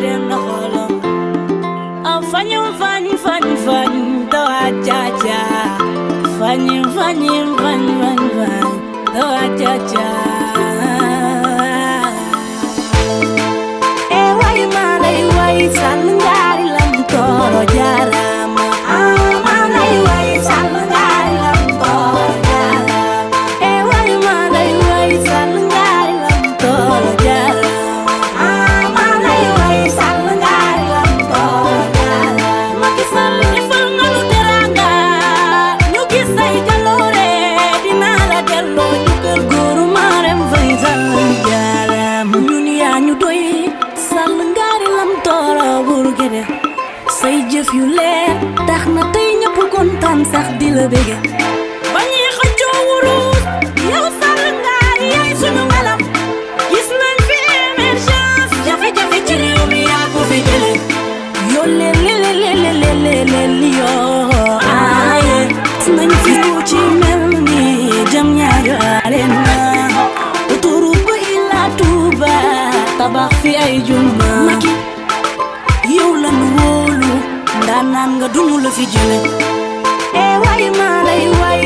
dem na xoolam am fañim fañim fañim fañim dawa caca fañim fañim fañim fañim dawa caca jëf yu leer tax na tey ñëpp kontaan sax di la bëgg ba ñuy xëccoo wurus yow sàll ngaar yaay sunu ngalam gis nañ fi émergence jafe-jafe ci réew mi yaa ko fi jële yoo leleleleleleleli yoo aaye gis nañ fi ci mel ni jam ñaayo arena autoroute ba Ila Touba tabax fi ay juma naan nga dunu la fi jële e waay maa lay waay